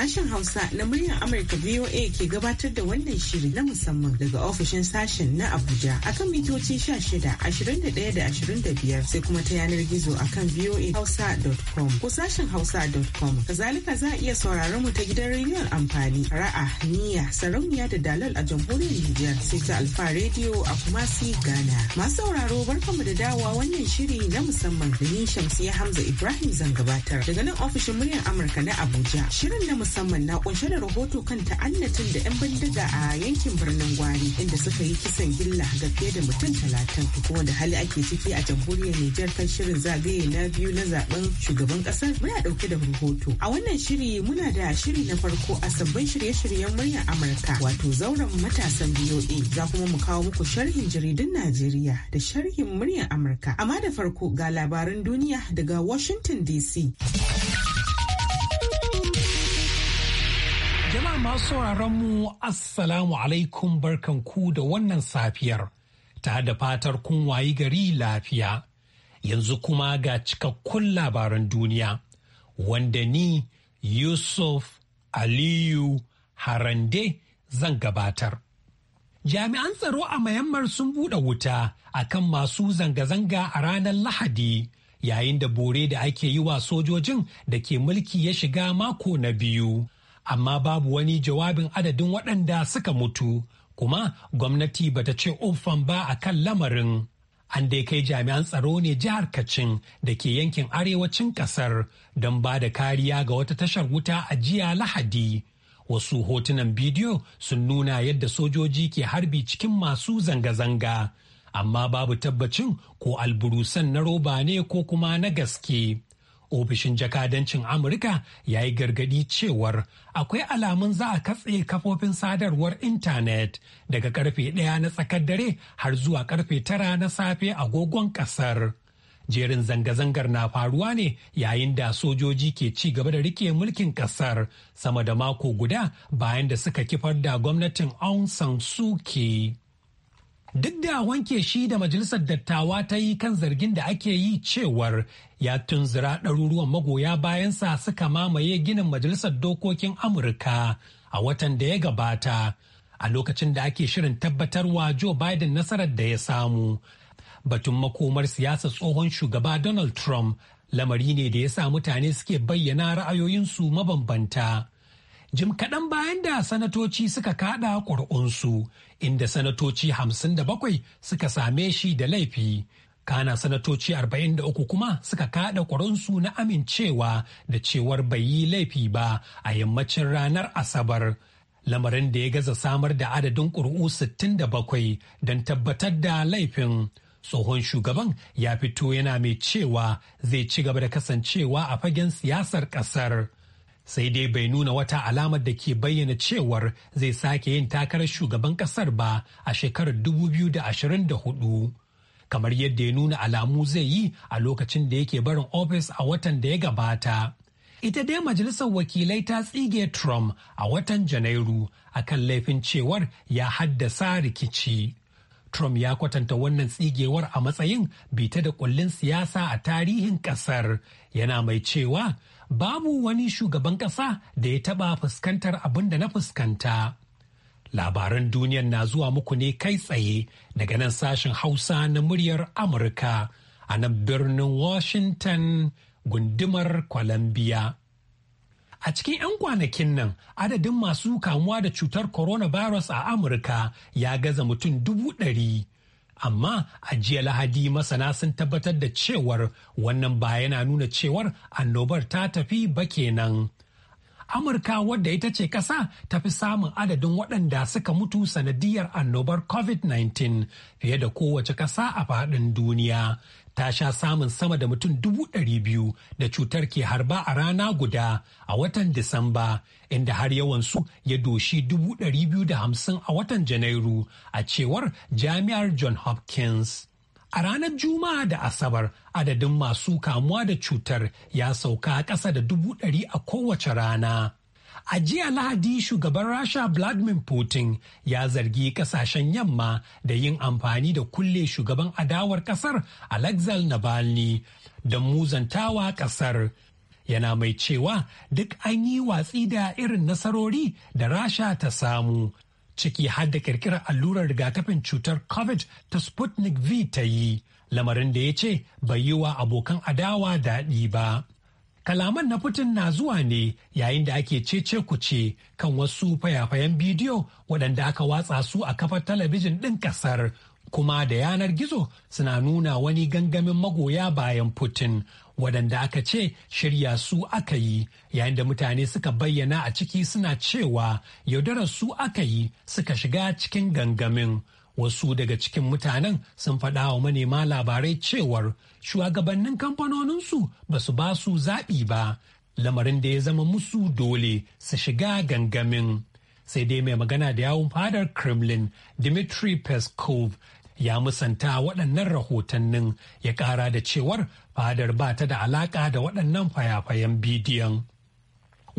Sashen Hausa na muryar Amurka VOA ke gabatar da wannan shiri na musamman daga ofishin sashen na Abuja akan mitoci 16, 21 da 25 sai kuma ta yanar gizo akan voahausa.com ko sashen hausa.com. Kazalika za a iya sauraron mu ta gidan rediyon amfani ra'a niyya sarauniya da dalal a jamhuriyar Nijar sai ta Alfa rediyo a Kumasi Ghana. Masu sauraro barkamu da dawa, wannan shiri na musamman da ni Shamsiya Hamza Ibrahim zan gabatar daga nan ofishin muryar Amurka na Abuja. Shirin na musamman musamman na kunshe da rahoto kan ta'annatin da 'yan bindiga a yankin birnin Gwari inda suka yi kisan gilla ga fiye da mutum talatin kuma da hali ake ciki a jamhuriyar Nijar kan shirin zagaye na biyu na zaben shugaban kasar muna dauke da rahoto. A wannan shiri muna da shiri na farko a sabbin shirye-shiryen muryar Amurka wato zauren matasan BOA za kuma mu kawo muku sharhin jaridun Najeriya da sharhin muryar Amurka. Amma da farko ga labaran duniya daga Washington DC. Masu mu Assalamu alaikum barkan ku da wannan safiyar, ta da fatar kun wayi gari lafiya. Yanzu kuma ga cikakkun labaran duniya, wanda ni Yusuf Aliyu Harande zan gabatar. Jami'an tsaro a Mayammar sun buɗe wuta akan masu zanga-zanga a ranar Lahadi, yayin da bore da ake yi wa sojojin da ke mulki ya shiga mako na biyu. amma babu wani jawabin adadin waɗanda suka mutu kuma gwamnati bata ce umfan ba a kan lamarin an dai kai jami'an tsaro ne jihar kacin da ke yankin arewacin kasar don ba da kariya ga wata tashar wuta a jiya lahadi wasu hotunan bidiyo sun nuna yadda sojoji ke harbi cikin masu zanga-zanga amma babu tabbacin ko alburusan na roba ne ko kuma na gaske. ofishin jakadancin amurka ya yi gargadi cewar akwai alamun za a katse kafofin sadarwar intanet daga karfe ɗaya na tsakar dare har zuwa karfe tara na safe agogon ƙasar jerin zanga-zangar na faruwa ne yayin da sojoji ke ci gaba da rike mulkin ƙasar sama da mako guda bayan da suka kifar da gwamnatin aung san suu kyi Duk da wanke shi da majalisar dattawa ta yi kan zargin da ake yi cewar ya tunzura ɗaruruwan magoya bayansa suka mamaye ginin majalisar dokokin Amurka a watan da ya gabata a lokacin da ake shirin tabbatarwa Joe Biden nasarar da ya samu. Batun makomar siyasa tsohon shugaba Donald Trump lamari ne da ya sa mutane suke bayyana ra'ayoyinsu mabambanta. jim kaɗan bayan da sanatoci suka kaɗa ƙuri'unsu inda sanatoci 57 suka same shi da laifi kana sanatoci uku kuma suka kaɗa ƙuri'unsu na amincewa da cewar bai yi laifi ba a yammacin ranar asabar lamarin da ya gaza samar da adadin ƙuri'u 67 don tabbatar da laifin tsohon shugaban ya fito yana mai cewa zai ci gaba da kasancewa a fagen siyasar ƙasar. sai dai bai nuna wata alamar da ke bayyana cewar zai sake yin takarar shugaban kasar ba a shekarar 2024 kamar yadda ya nuna alamu zai yi a lokacin da yake barin ofis a watan da ya gabata ita dai majalisar wakilai ta tsige trump a watan janairu akan laifin cewar ya haddasa rikici Trump ya kwatanta wannan tsigewar a matsayin bita da kullin siyasa a tarihin ƙasar, yana mai cewa babu wani shugaban ƙasa da ya taɓa fuskantar abin da na fuskanta. Labaran duniyan na zuwa muku ne kai tsaye daga nan sashen Hausa na muryar Amurka a nan birnin Washington gundumar Columbia. A cikin 'yan kwanakin nan adadin masu kamuwa da cutar coronavirus a Amurka ya gaza mutum dubu ɗari. Amma a jiya Lahadi masana sun tabbatar da cewar wannan ba yana nuna cewar annobar ta tafi ba kenan. Amurka wadda ita ce ƙasa ta fi samun adadin waɗanda suka mutu sanadiyar annobar COVID-19 fiye da kowace ƙasa a faɗin duniya. ta sha samun sama da mutum dubu ɗari biyu da cutar ke harba a rana guda a watan Disamba, inda har yawansu ya doshi dubu ɗari biyu da hamsin a watan Janairu a cewar Jami'ar John Hopkins. A ranar Juma'a da Asabar, adadin masu kamuwa da cutar ya sauka ƙasa da dubu ɗari a kowace rana. A jiya Lahadi shugaban Rasha Vladimir Putin ya zargi kasashen yamma da yin amfani da kulle shugaban adawar kasar Alexei Navalny don muzantawa kasar. Yana mai cewa duk an yi watsi da irin nasarori da Rasha ta samu. Ciki har da kirkirar allurar rigakafin cutar COVID ta Sputnik V ta yi, lamarin da ya ce bai yi wa abokan adawa daɗi ba. Kalaman na Putin na zuwa ne yayin da ake cece kuce kan wasu fayafayen bidiyo waɗanda aka watsa su a kafar talabijin ɗin ƙasar kuma da yanar gizo suna nuna wani gangamin magoya bayan Putin waɗanda aka ce shirya su aka yi yayin da mutane suka bayyana a ciki suna cewa yaudarar su aka yi suka shiga cikin gangamin. wasu daga cikin mutanen sun faɗa wa manema labarai cewar shugabannin kamfanoninsu ba su ba su zaɓi ba lamarin da ya zama musu dole su shiga gangamin sai dai mai magana da yawun fadar kremlin dmitry peskov ya musanta waɗannan rahotannin ya ƙara da cewar fadar ba ta da alaƙa da waɗannan fayafayen bidiyon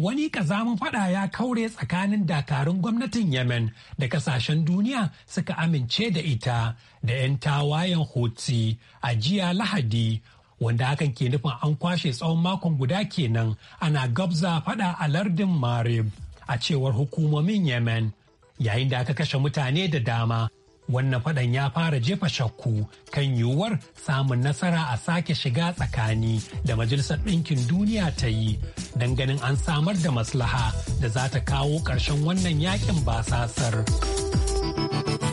wani kazamin fada ya kaure tsakanin dakarun gwamnatin yemen da kasashen duniya suka amince da ita da 'yan tawayen hutsi a jiya lahadi wanda hakan ke nufin an kwashe tsawon makon guda kenan ana gabza fada a lardin marib a cewar hukumomin yemen yayin da aka kashe mutane da dama wannan fadan ya fara jefa shakku kan yiwuwar samun nasara a sake shiga tsakani da majalisar ɗinkin duniya ta yi don ganin an samar da maslaha da za ta kawo ƙarshen wannan yakin basasar.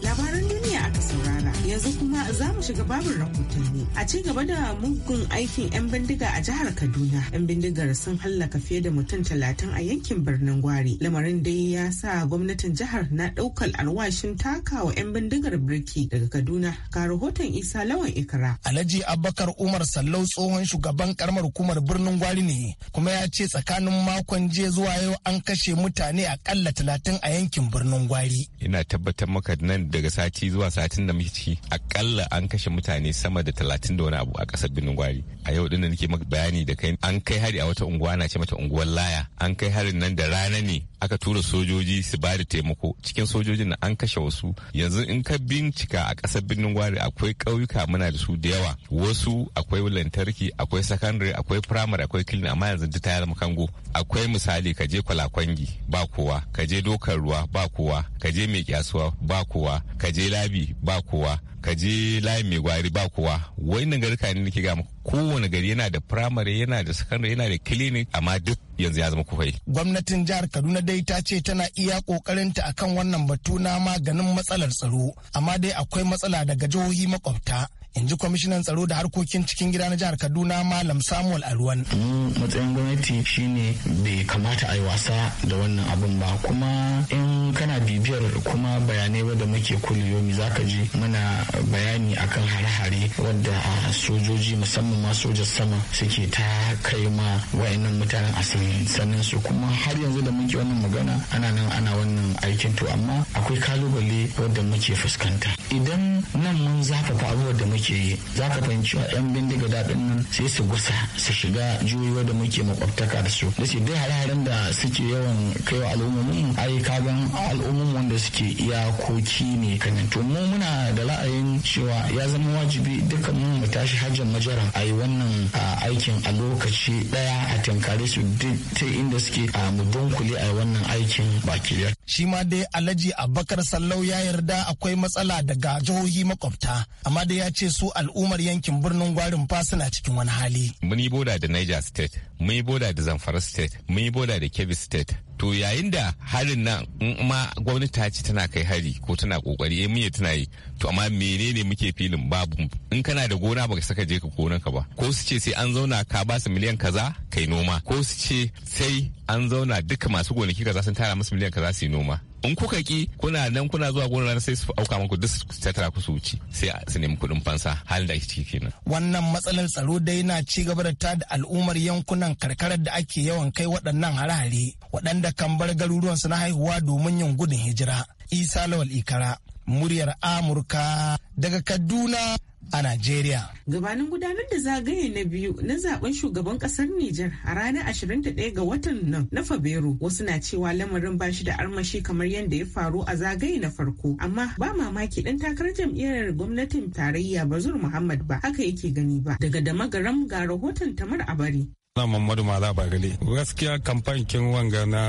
Labaran duniya aka kuma za mu shiga babin rahotanni. A ci gaba da mugun aikin 'yan bindiga a jihar Kaduna. 'Yan bindigar sun hallaka fiye da mutum talatin a yankin birnin Gwari. Lamarin dai ya sa gwamnatin jihar na ɗaukar alwashin takawa 'yan bindigar birki daga Kaduna. Ga rahoton Isa Lawan Ikra. Alhaji Abubakar Umar Sallau tsohon shugaban karamar hukumar birnin Gwari ne kuma ya ce tsakanin makon jiya zuwa yau an kashe mutane akalla talatin a yankin birnin Gwari. Ina tabbatar maka nan daga sati zuwa satin da muke ciki akalla akalla an kashe mutane sama da talatin da wani abu a kasar birnin gwari a yau din da nake maka bayani da kai an kai hari a wata unguwa na ce mata unguwar laya an kai harin nan da rana ne aka tura sojoji su ba da taimako cikin sojojin an kashe wasu yanzu in ka bincika a kasar birnin gwari akwai ƙauyuka muna da su da yawa wasu akwai lantarki akwai sakandare akwai firamare akwai kilin amma yanzu duk ta zama kango akwai misali ka je kwalakwangi ba kowa ka je dokar ruwa ba kowa ka je mai kyasuwa ba kowa ka je labi ba kowa ka je layin mai gwari ba kowa wani garka ne nake gama kowane gari yana da firamare yana da sakandare yana da clinic amma duk yanzu ya zama kufai. Gwamnatin jihar Kaduna dai ta ce tana iya ta akan wannan batu na maganin matsalar tsaro amma dai akwai matsala daga jihohi makwabta in ji kwamishinan tsaro da harkokin cikin gida na jihar kaduna malam samuel alwan matsayin gwamnati shine bai kamata a yi wasa da wannan abun ba kuma in kana bibiyar kuma bayanai wadda muke kuliyomi zaka ji mana bayani akan hare-hare wadda sojoji musamman ma sojan sama suke ta kai ma wayannan mutanen asirin sannan su kuma har yanzu da muke wannan magana ana nan ana wannan aikin to amma akwai kalubale wadda muke fuskanta idan nan mun zafafa abubuwan da muke muke yi za ka fahimci a yan bindiga daɗin nan sai su gusa su shiga jihohi da muke makwabtaka da su da su dai hare-haren da suke yawan kaiwa al'ummomin ai kagan al'ummomin wanda suke iyakoki ne kanan to mu muna da ra'ayin cewa ya zama wajibi dukkan mu mu tashi hajjan majara a yi wannan aikin a lokaci daya a tankare su duk ta inda suke a mu dunkule a yi wannan aikin baki ɗaya. shi ma dai alhaji abakar sallau ya yarda akwai matsala daga jihohi makwabta amma dai ya ce su al'ummar yankin birnin gwarin fa suna cikin wani hali. Mun boda da Niger State, mun yi boda da Zamfara State, mun boda da Kebbi State. To yayin da harin nan in ma gwamnati ta ce tana kai hari ko tana kokari eh mun tana yi. To amma menene muke filin babu in kana da gona baka saka je ka gonan ka ba. Ko su ce sai an zauna ka ba su miliyan kaza kai noma ko su ce sai an zauna duka masu gonaki kaza sun tara musu miliyan kaza su yi noma. in kuka ki kuna nan kuna zuwa gonar sai su auka muku duk su tattara ku su wuce sai su nemi kuɗin fansa hali da ciki kenan wannan matsalar tsaro dai na ci gaba da tada al'ummar yankunan karkarar da ake yawan kai waɗannan hare-hare waɗanda kan bar garuruwansu na haihuwa domin yin gudun hijira isa lawal ikara muryar amurka daga kaduna a Najeriya. Gabanin gudanar da zagaye na biyu na zaben shugaban kasar Nijar a ranar 21 ga watan nan na Fabrairu wasu na cewa lamarin ba shi da armashi kamar yadda ya faru a zagaye na farko amma ba mamaki dan takarar jam'iyyar gwamnatin tarayya Bazur Muhammad ba haka yake gani ba daga da magaram ga rahoton Tamar Abari. na Muhammadu Mala Bagale gaskiya kamfan kin wanga na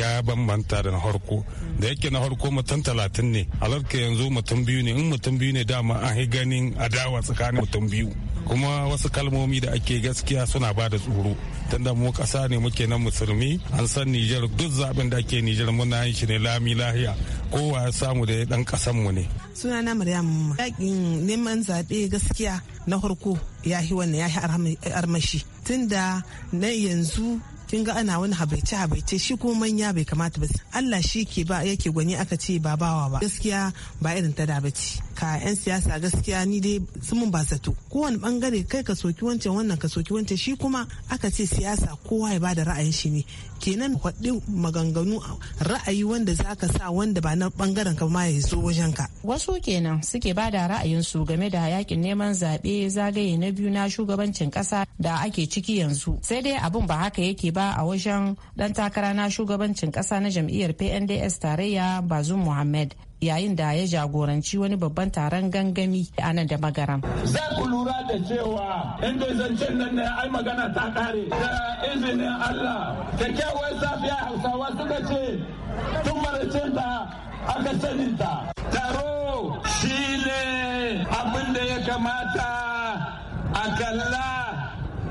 ya bambanta da na harko da yake na harko mutum talatin ne alarka yanzu mutum biyu ne in mutum biyu ne dama an ganin adawa tsakanin mutum biyu kuma wasu kalmomi da ake gaskiya suna ba da tsoro tunda mu kasa ne muke nan musulmi an san Nijar duk zaben da ake Nijar muna yin shi ne lami lahiya kowa ya samu da dan kasan mu ne sunana Maryam yaƙin neman zaɓe gaskiya na farko ya yi wannan ya yi armashi tunda na yanzu kin ga ana wani habaice habaice shi ko manya bai kamata ba Allah shi ke ba yake gwani aka ce ba bawa ba gaskiya ba irin ta da bace ka yan siyasa gaskiya ni dai sun ba zato kowane bangare kai ka soki wancan wannan ka soki wancan shi kuma aka ce siyasa kowa ya bada ra'ayin shi ne kenan kwaɗi maganganu ra'ayi wanda za ka sa wanda ba na bangaren ka ma ya zo wajen ka. Wasu kenan suke bada ra'ayin su game da yakin neman zaɓe zagaye na biyu na shugabancin ƙasa da ake ciki yanzu. Sai dai abun ba haka yake ba ba a wajen dan takara na shugabancin kasa na jam'iyyar pnds tarayya bazum muhammad yayin da ya jagoranci wani babban taron gangami a nan da magaram. Za ku lura da cewa inda zancen nan ne ai magana ta kare da izinin Allah kyakkyawar safiya hausawa suka ce tun maracin ta aka sanin ta. Taro shi ne abin da ya kamata a kalla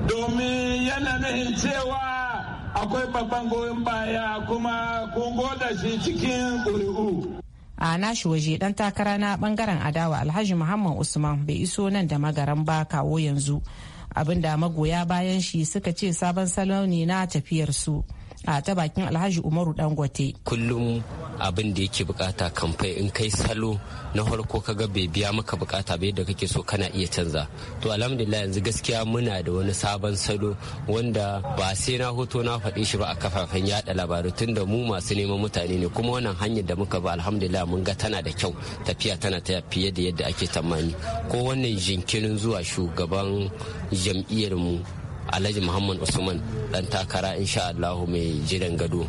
domin yana nahin cewa akwai babban goyon baya kuma kun goda shi cikin ƙuri'u. a nashi waje dan takara na bangaren adawa alhaji muhammad usman bai iso nan da magaran ba kawo yanzu abinda magoya bayan shi suka ce sabon salo ne na tafiyar su. a ta bakin alhaji umaru dangote kullum abin da yake bukata kamfai in kai salo na farko kaga bai biya maka bukata ba yadda kake so kana iya canza to alhamdulillah yanzu gaskiya muna da wani sabon salo wanda ba sai na hoto na faɗi shi ba a kafafen yada labaru tunda mu masu neman mutane ne kuma wannan hanyar da muka ba alhamdulillah mun ga tana da kyau tafiya tana ta fiye da yadda ake tamani ko wannan jinkirin zuwa shugaban jam'iyyar mu alhaji muhammad usman dan takara insha allahu mai jiran gado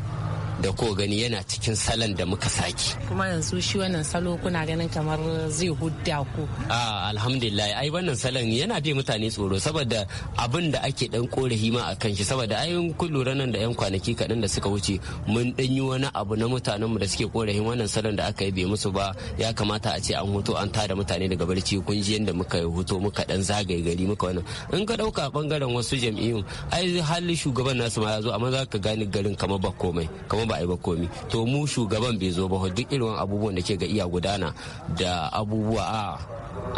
da ko gani yana cikin salon da muka saki kuma yanzu shi wannan salo kuna ganin kamar zai hudda ku a alhamdulillah ai wannan salon yana bi mutane tsoro saboda abin da ake dan korafi ma a kan shi saboda ai kun lura nan da yan kwanaki kaɗan da suka wuce mun dan yi wani abu na mutanen mu da suke korafin wannan salon da aka yi bai musu ba ya kamata a ce an hoto an tada mutane daga barci kun ji yanda muka hoto muka dan zagaye gari muka wannan in ka dauka bangaren wasu jam'iyyun ai halin shugaban nasu ma ya zo amma za ka gane garin kamar ba komai kamar ba a yi ba komi to mu shugaban bai zo ba duk irin abubuwan da ke ga iya gudana da abubuwa a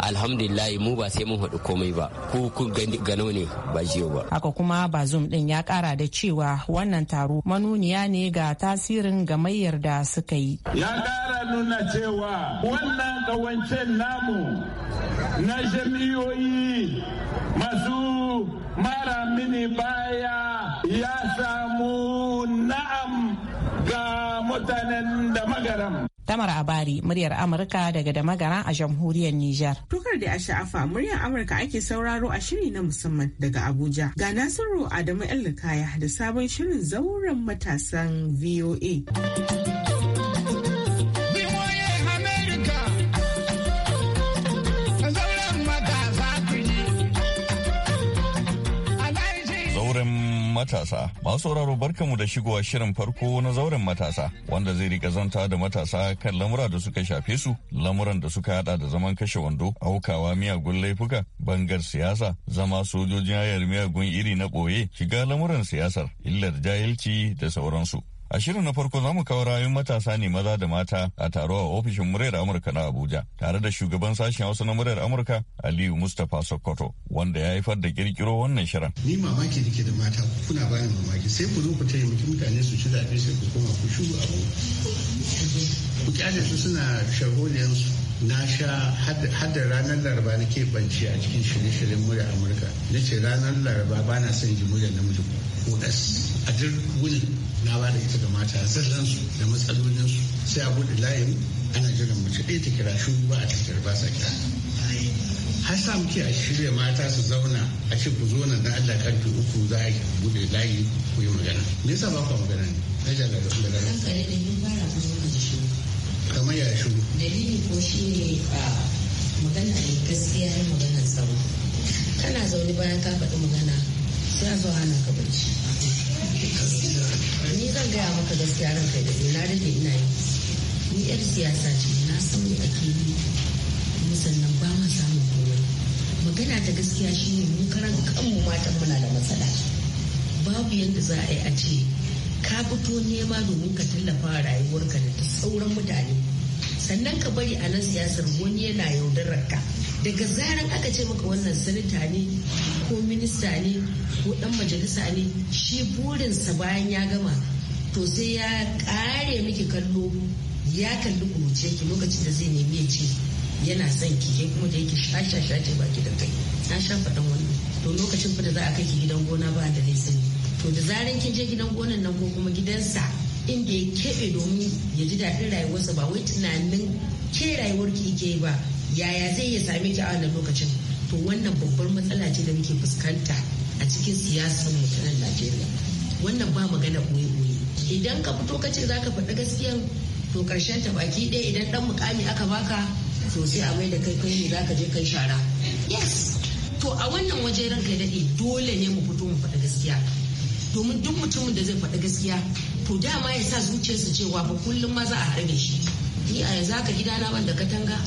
alhamdulillahi mu ba sai mun haɗu komai ba ku ku gano ne ba jiyo ba haka kuma ba zoom din ya kara da cewa wannan taro manuniya ne ga tasirin gamayyar da suka yi ya kara nuna cewa wannan kawancen namu na jami'oyi masu mara mini baya ya samu na'am ga mutanen da magaram. Tamar Abari, muryar Amurka daga damagara a jamhuriyar Nijar. Tukar da a sha'afa muryar Amurka ake sauraro a shiri na musamman daga Abuja. Ga Nasiru Adamu El da sabon shirin zauren matasan VOA. matasa. Masu sauraro barkamu da shigowa shirin farko na zauren matasa wanda zai rika zanta da matasa kan lamura da suka shafe su, lamuran da suka hada da zaman kashe wando, aukawa miyagun laifuka, bangar siyasa, zama sojojin hayar miyagun iri na ɓoye, shiga lamuran siyasar, illar jahilci da sauransu. A shirin na farko za mu kawo rayun matasa ne maza da mata a taro a ofishin muryar Amurka na Abuja tare da shugaban sashen Hausa na muryar Amurka Aliyu Mustapha Sokoto wanda ya haifar da kirkiro wannan shirin. Ni mamaki nake da mata kuna bani mamaki sai ku zo ku taimaki mutane su ci zaɓe sai ku koma ku shuru abu. Ku kyale su suna su. Na sha hadda ranar laraba nake banci a cikin shirye-shiryen muryar Amurka. Na ce ranar laraba bana na son jimuriyar namiji ko a duk wuni na ba da ita ga mata zallansu da matsalolinsu sai a buɗe layin ana jiran mace ɗaya ta kira shi ba a tafiyar ba sa kira har sa muke a shirya mata su zauna a ce ku zo nan da Allah karfe uku za a buɗe layi ku yi magana me yasa ba ku magana ne na jaga da kuma da kamar ya shiru dalili ko shi ne magana ne gaskiya ne magana tsaro kana zaune bayan ka faɗi magana sai a zo hana ka bacci gaya maka gaskiya ran kai da na rage ina yi ni yar siyasa ce na san me ake yi kuma sannan ba ma samun komai magana ta gaskiya shine mu karan kanmu matan muna da matsala babu yadda za a yi a ce ka fito nema domin ka tallafa rayuwarka da sauran mutane sannan ka bari a nan siyasar wani yana yaudarar ka daga zaran aka ce maka wannan sanita ne ko minista ne ko dan majalisa ne shi burinsa bayan ya gama to sai ya kare miki kallo ya kalli kuruce ki lokacin da zai nemi ya ce yana son ki kai kuma da yake shasha shace baki da kai na sha faɗan wani to lokacin fa da za a kai ki gidan gona ba da zai sani to da zaran kin je gidan gonan nan ko kuma gidansa inda ya keɓe domin ya ji daɗin rayuwarsa ba wai tunanin ke rayuwar ki ke ba yaya zai ya same ki a wannan lokacin to wannan babbar matsala ce da muke fuskanta a cikin siyasar mu ta nan Najeriya wannan ba magana koyi idan ka fito ka ce za ka faɗi gaskiyan to ƙarshen ta baki ɗaya idan ɗan mukami aka baka to sai a mai da kai kai ne za ka je kai shara yes to a wannan waje ranka ya daɗe dole ne mu fito mu faɗi gaskiya domin duk mutumin da zai faɗi gaskiya to dama ya sa zuciyarsa cewa ba kullum ma za a da shi ni a yanzu haka na ban da katanga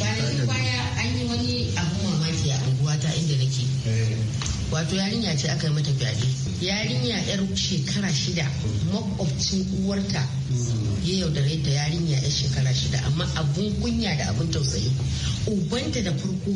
bayan baya an yi wani abu mamaki a unguwata inda nake eh. wato yarinya ce aka yi mata fyaɗe yarinya yar shekara shida makwabcin uwarta ya yaudare ta yarinya yar shekara shida amma abun kunya da abun tausayi ubanta da farko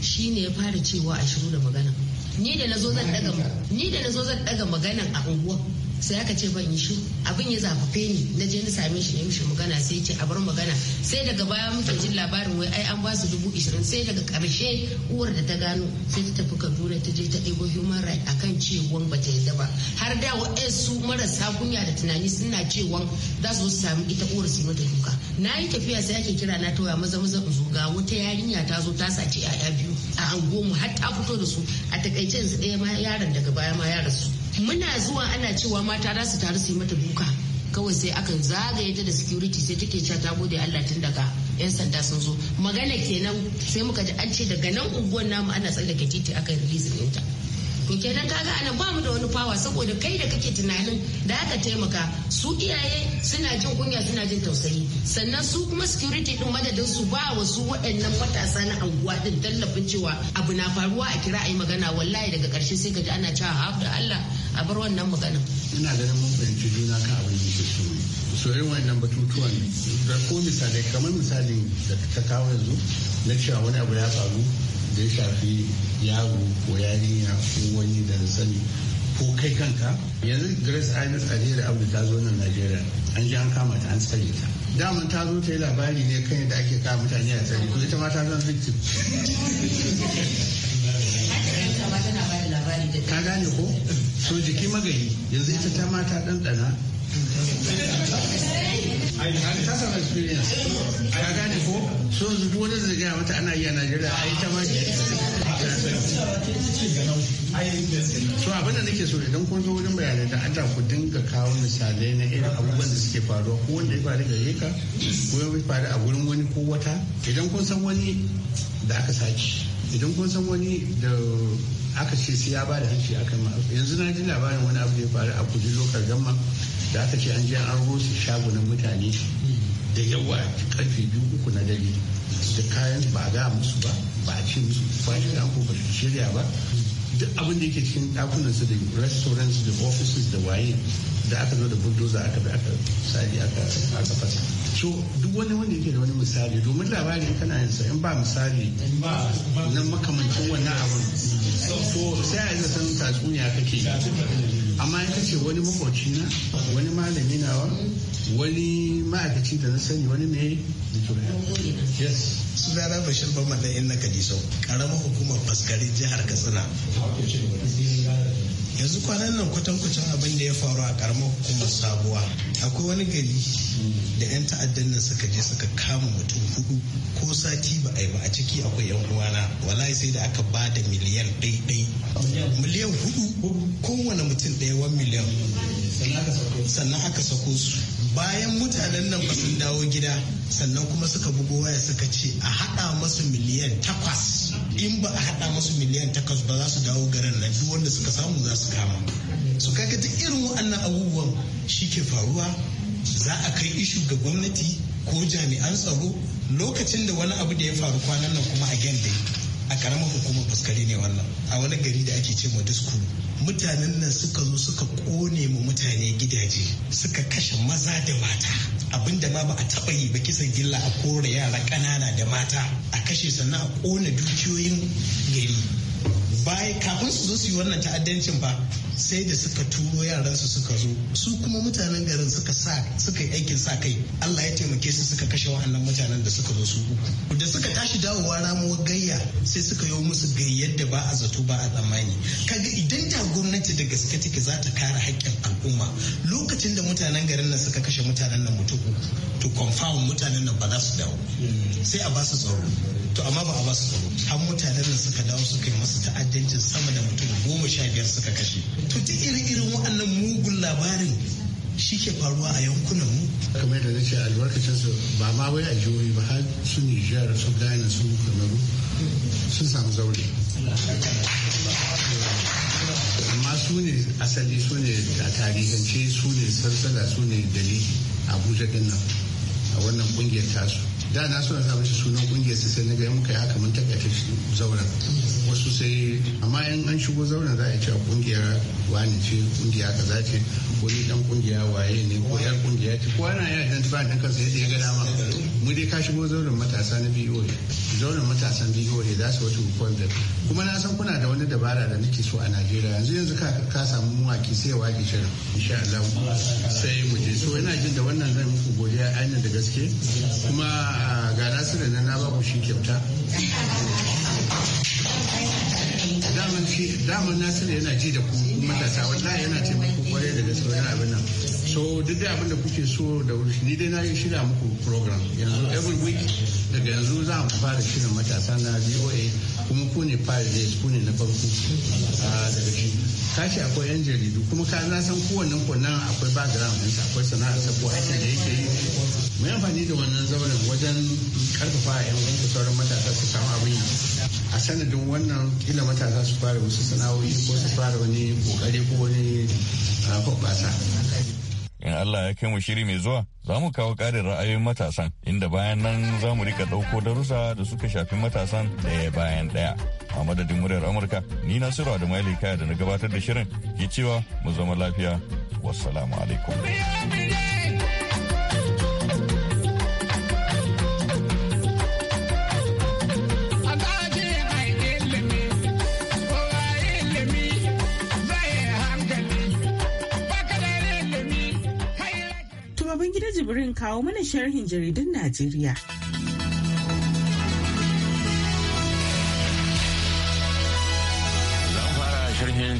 shine ya fara cewa a shiru da magana ni da nazo zan daga ni da nazo zan daga maganan a unguwa sai aka ce ban yi shi abin ya zafafe ni na je na same shi ne mishi magana sai ya ce a bar magana sai daga baya muke jin labarin wai ai an ba su dubu ishirin sai daga karshe uwar da ta gano sai ta tafi kaduna ta je ta ɗebo human right akan cewan ba ta yadda ba har da su marasa kunya da tunani suna cewan za su samu ita uwar su mata duka na yi tafiya sai ake kira na tawaya maza maza in zo ga wata yarinya ta zo ta sace yaya biyu a angomu har ta fito da su a takaice yanzu ɗaya ma yaron daga baya ma ya rasu muna zuwa ana cewa mata za su taru su yi mata duka kawai sai akan zagaye ta da security sai take cewa ta gode Allah tun daga yan sanda sun zo magana kenan sai muka ji an ce daga nan unguwar namu ana tsallake titi aka akan release ɗinta. to kenan kaga ana ba mu da wani fawa saboda kai da kake tunanin da aka taimaka su iyaye suna jin kunya suna jin tausayi sannan su kuma security din madadin su ba wa su waɗannan matasa na anguwa din tallafin cewa abu na faruwa a kira ayi magana wallahi daga ƙarshe sai ka ji ana cewa haf da Allah a bar wannan magana. Ina ganin mun fahimci juna kan abin da ke so soyayyar wannan batutuwan da ko misali kamar misalin da ta kawo yanzu na cewa wani abu ya faru da ya shafi yaro ko yarinya ko wani da sani ko kai kanka yanzu grace ines alheri abu ta zo nan najeriya an ji an kama ta an tsare ta daman ta zo ta yi labari ne kan yadda ake kama mutane a tsare ko ita ma ta zan victim ta gane ko so jiki magayi yanzu ita ta mata ɗanɗana ai ta samu experience ka gane ko so zubo da zagaya wata ana yi a najeriya yi ta ma so abin da nake so idan kun zo wajen bayanai da Allah ku dinga kawo misalai na irin abubuwan da suke faruwa ko wanda ya faru gare ka ko ya faru a wurin wani ko wata idan kun san wani da aka sace idan kun san wani da aka ce sai ya ba da hanci aka yanzu na ji labarin wani abu da ya faru a kudi lokar gamma da aka ce an je an rusa shagunan mutane da yawa karfe biyu uku na dare da kayan ba ga musu ba ba a ce musu kwashe an ko ba shirya ba duk abin da yake cikin dakunan su da restaurants da offices da waye da aka zo da bulldozer aka bi aka sari aka fasa so duk wani wanda yake da wani misali domin labari kana yin sa in ba misali nan makamancin wannan abin so sai a yi zaton tatsuniya kake amma ya kace ce wani makoci na wani malami nawa wani ma'aikaci da na sani wani mai yes sunana bashir bama na inna kadisau karamar hukumar faskari jihar katsina yanzu kwanan nan kwatankwacin abin da ya faru a karamar hukumar sabuwa akwai wani gari da 'yan ta'addan nan suka je suka kama mutum hudu ko sati ba a yi ba a ciki akwai 'yan uwana wallahi sai da aka ba da miliyan ɗaiɗai miliyan hudu kowane mutum ɗaya wani miliyan sannan aka sako su bayan mutanen nan ba sun dawo gida sannan kuma suka bugo waya suka ce a haɗa masu miliyan takwas in ba a haɗa masu miliyan takwas ba za su dawo garin nan duk wanda suka samu za su kama su kaga duk irin waɗannan abubuwan shi ke faruwa za a kai ishu ga gwamnati ko jami'an tsaro lokacin da wani abu da ya faru kwanan nan kuma a gende a karamar hukumar fuskare ne wannan a wani gari da ake ce ma diskuru mutanen nan suka zo suka kone mu mutane gidaje suka kashe maza da mata abinda ma ba a taba yi ba kisan gilla a kore yara ƙanana da mata a kashe sannan a kone dukiyoyin gari baya kafin su zo su yi wannan ta'addancin ba sai da suka turo yaran su suka zo su kuma mutanen garin suka sa suka yi aikin sa kai Allah ya taimake su suka kashe wa'annan mutanen da suka zo su uku da suka tashi dawowa ramuwar gayya sai suka yi musu gayyar da ba a zato ba a tsammani kaga idan ta gwamnati da gaske take za ta kare haƙƙin al'umma lokacin da mutanen garin nan suka kashe mutanen nan mutu to confirm mutanen nan ba za su dawo sai a ba su tsaro to amma ba a ba su tsaro har mutanen nan suka dawo suka yi masu ta'addanci ta'addancin sama da mutum goma sha biyar suka kashe to duk irin irin waɗannan mugun labarin shi ke faruwa a yankunan mu. kamar yadda na ce albarkacin su ba ma wai a jihohi ba har su nijar su ghana su kamaru sun samu zaure amma su ne asali su ne a tarihance su ne sarsala su ne dalili abuja din nan a wannan kungiyar tasu da na suna sa mishi sunan kungiyar su sai na ga muka yi haka mun takaita zauren wasu sai amma in an shigo zauna za a ce kungiyar wani ce kungiya ka za ce ko dan kungiya waye ne ko yar kungiya ce ko ana ya dan ba kan kansa ya ga dama mu dai ka shigo zauren matasa na ne zauren matasan ne za su wata hukumar da kuma na san kuna da wani dabara da nake so a Najeriya yanzu yanzu ka ka samu mawaki sai waki shi insha Allah sai mu je so ina jin da wannan zan muku godiya ainihin da gaske kuma ah, ga nasu da na ba ku shi kyauta daman shi daman nasiru yana ji da ku matasa wata yana taimako kwarai da gaske wani abin nan so duk da abin da kuke so da wuri ni dai na yi shirya muku program yanzu every week daga yanzu za mu fara shirya matasa na voa kuma ku ne pioneers ku ne na farko ah, daga shi kashi akwai yan jaridu kuma ka na san kowane kwanan akwai background akwai sana'a ko aiki da yake yi mu yi amfani da wannan zauren wajen karfafa yan uwanku sauran matasa su sanadin wannan kila matasa su fara wasu sana'o'i ko su fara wani kokari ko wani ah, hoɓɓasa. in Allah ya kai mu shiri mai zuwa za mu kawo ƙarin ra'ayoyin matasan inda bayan nan za mu rika ɗauko darussa da suka shafi matasan ɗaya bayan ɗaya a madadin muryar amurka ni na sirwa da Maili kaya da na gabatar da shirin ke cewa mu zama lafiya wassalamu alaikum Babangida Jibrin kawo mana sharhin jaridun Najeriya.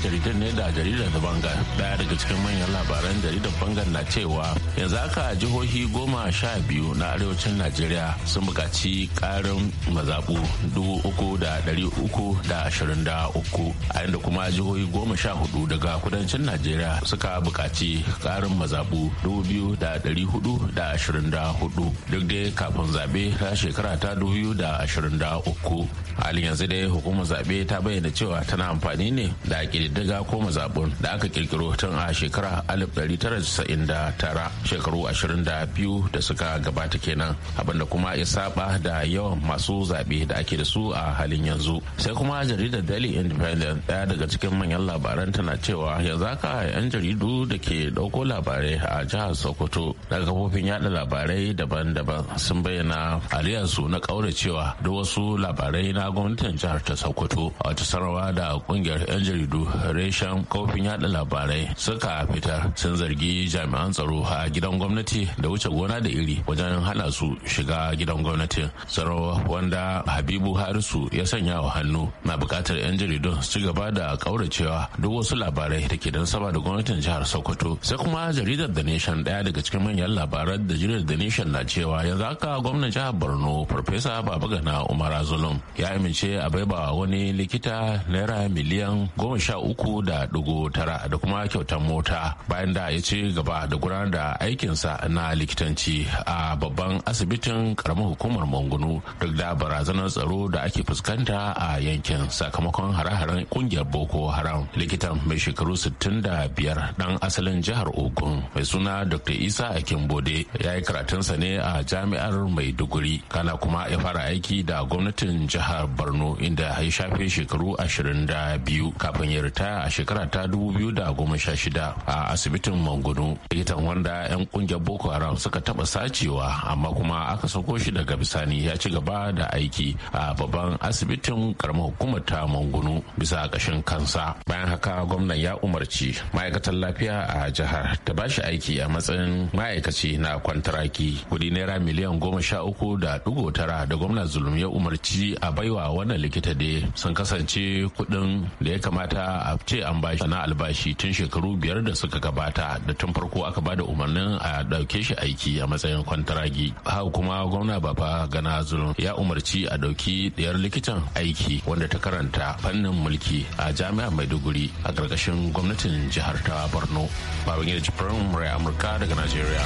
jaridar ne da jaridar da bangar daya daga cikin manyan labaran jaridar bangar na cewa yanzu haka jihohi goma sha biyu na arewacin najeriya sun bukaci ƙarin mazaɓu dubu uku da ɗari uku da ashirin da uku a inda kuma jihohi goma sha hudu daga kudancin najeriya suka bukaci ƙarin mazaɓu dubu biyu da ɗari hudu da ashirin da hudu duk dai kafin zaɓe ta shekara ta dubu da ashirin da uku halin yanzu dai hukumar zaɓe ta bayyana cewa tana amfani ne da ƙididdiga ko mazaɓun da aka kirkiro tun a shekara 1999 shekaru 22 da suka gabata kenan abinda kuma ya saba da yawan masu zaɓe da ake da su a halin yanzu sai kuma jaridar daily independent ɗaya daga cikin manyan labaran tana cewa yanzu haka 'yan jaridu da ke ɗauko labarai a jihar sokoto daga kafofin yada labarai daban-daban sun bayyana aliyarsu na cewa da wasu labarai na gwamnatin jihar ta sokoto a wata sarawa da kungiyar 'yan jaridu reshen kofin yada labarai suka fitar sun zargi jami'an tsaro a gidan gwamnati da wuce gona da iri wajen hana su shiga gidan gwamnati tsaro wanda habibu harisu ya sanya wa hannu na bukatar 'yan jaridun su gaba da kauracewa duk wasu labarai da ke don saba da gwamnatin jihar sokoto sai kuma jaridar the nation daya daga cikin manyan labaran da jaridar the nation na cewa yanzu haka gwamnan jihar borno farfesa babagana umar azulum ya amince a baiba wani likita naira miliyan goma sha uku uku da dugu tara da kuma kyautar mota bayan da ya ci gaba da gudanar da aikinsa na likitanci a babban asibitin karamar hukumar mangunu duk da barazanar tsaro da ake fuskanta a yankin sakamakon hare-haren kungiyar boko haram likitan mai shekaru 65 dan asalin jihar ogun mai suna dr isa akimbode ya yi karatunsa ne a jami'ar maiduguri kana kuma ya fara aiki da gwamnatin jihar borno inda ya shafe shekaru 22 kafin ya ta a shekara ta dubu da goma sha shida a asibitin mangudu likitan wanda 'yan kungiyar boko haram suka taba sacewa amma kuma aka sauko shi daga bisani ya ci gaba da aiki a babban asibitin karamar hukumar ta mangunu bisa ƙashin kansa bayan haka gwamnan ya umarci ma'aikatan lafiya a jihar ta ba shi aiki a matsayin ma'aikaci na kwantaraki kudi naira miliyan goma sha uku da dugo tara da gwamnan zulum ya umarci a baiwa wannan likita dai sun kasance kudin da ya kamata a ce an shi na albashi tun shekaru biyar da suka gabata da tun farko aka ba da umarnin a dauke shi aiki a matsayin kwantaragi haka kuma gwamna baba gana zulum ya umarci a dauki ɗiyar likitan aiki wanda ta karanta fannin mulki a jami'ar maiduguri a karkashin gwamnatin jihar ta borno babangida jifirin murai amurka daga nigeria.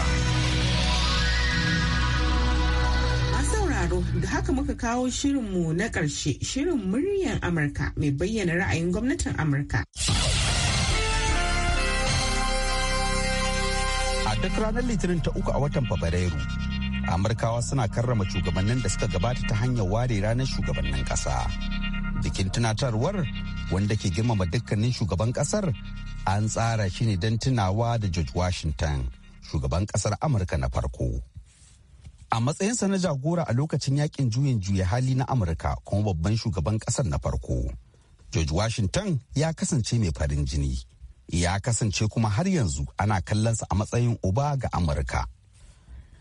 sauraro da haka muka kawo shirin mu na karshe shirin muryan Amurka mai bayyana ra'ayin gwamnatin Amurka. A duk ranar Litinin ta uku a watan Fabrairu, Amurkawa suna karrama shugabannin da suka gabata ta hanyar ware ranar shugabannin ƙasa. Bikin tunatarwar wanda ke girmama dukkanin shugaban ƙasar an tsara shi ne don tunawa da George Washington, shugaban ƙasar Amurka na farko. a matsayinsa na jagora a lokacin yakin juyin juya hali na amurka kuma babban shugaban kasar na farko george washington ya kasance mai farin jini ya kasance kuma har yanzu ana kallonsa a matsayin uba ga amurka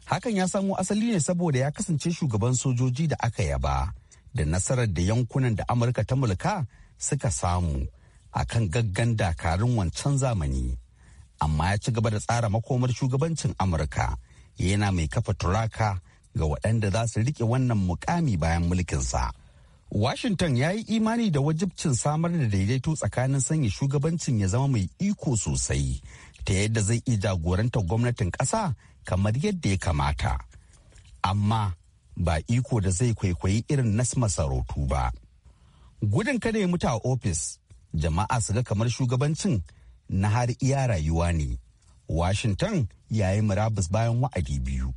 hakan ya samo asali ne saboda ya kasance shugaban sojoji da aka yaba da nasarar da yankunan da amurka ta mulka suka samu a kan gaggan dakarun wancan zamani amma ya ci gaba da tsara makomar shugabancin amurka yana mai kafa turaka ga waɗanda za su rike wannan mukami bayan mulkinsa. Washington ya yi imani da wajibcin samar da daidaito tsakanin sanya shugabancin ya zama mai iko sosai ta yadda zai iya jagorantar gwamnatin ƙasa kamar yadda ya kamata. Amma ba iko da zai kwaikwayi irin nas masarautu ba. Gudun kada ya mutu a ofis, jama'a su ga kamar shugabancin na har iya rayuwa ne washington ya yi murabus bayan wa'adi biyu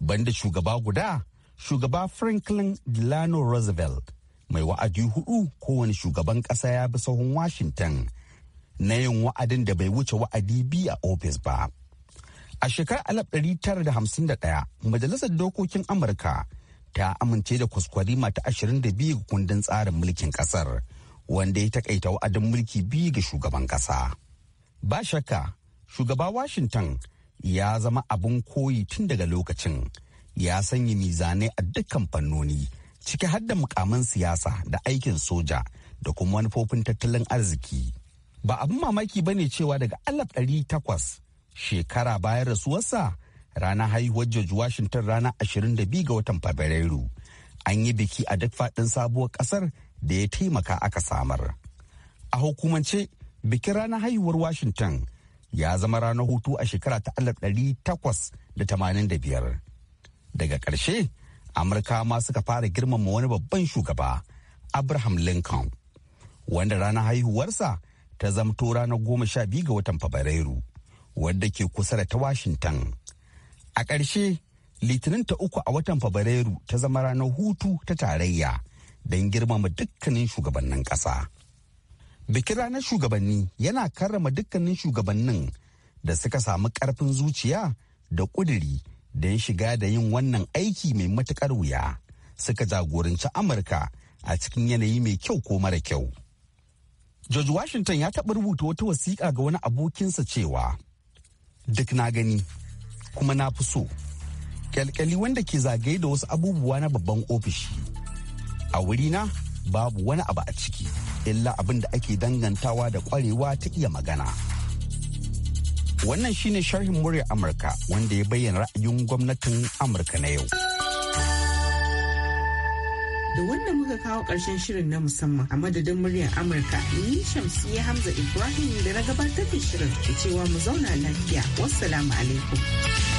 banda shugaba guda shugaba franklin delano roosevelt mai wa'adi hudu kowane shugaban ƙasa ya bi sahun washington na yin wa'adin da bai wuce wa'adi biyu a ofis ba a shekarar 1951 majalisar dokokin amurka ta amince da kuskwari mata 22 ga kundin tsarin mulkin ƙasar wanda ya takaita wa'adin mulki biyu ga shugaban ƙasa ba shakka shugaba washington ya zama abin koyi tun daga lokacin ya sanya mizanai a dukkan fannoni ciki har da mukaman siyasa da aikin soja da kuma manufofin tattalin arziki ba abin mamaki ba ne cewa daga alaf ɗari takwas shekara bayan rasuwarsa ranar haihuwar george washington ranar 22 ga watan fabrairu an yi biki a duk faɗin sabuwar ƙasar da ya taimaka aka samar a hukumance bikin ranar haihuwar washington ya zama ranar hutu a shekara ta takwas da da tamanin biyar. daga ƙarshe amurka ma suka fara girmama wani babban shugaba abraham lincoln wanda ranar haihuwarsa ta zamto ranar goma sha biyu ga watan fabrairu wadda ke kusa da ta washington a ƙarshe litinin ta uku a watan fabrairu ta zama ranar hutu ta tarayya don girmama dukkanin shugabannin ƙasa bikin ranar shugabanni yana karrama dukkanin shugabannin da suka samu karfin zuciya da da don shiga da yin wannan aiki mai matuƙar wuya suka jagoranci amurka a cikin yanayi mai kyau ko mara kyau george washington ya taɓa rubuta wata wasiƙa ga wani abokinsa cewa duk na gani kuma na fi so kyalkyali wanda ke zagaye da wasu abubuwa na babban ofishi a wurina babu wani abu a ciki. illa abin da ake dangantawa da kwarewa ta iya magana. Wannan shine sharhin murya Amurka wanda ya bayyana ra'ayin gwamnatin Amurka na yau. Da wanda muka kawo ƙarshen shirin na musamman a madadin muryar Amurka, ni ya Hamza Ibrahim da na gabatar da shirin cewa mu zauna lafiya. Wassalamu alaikum.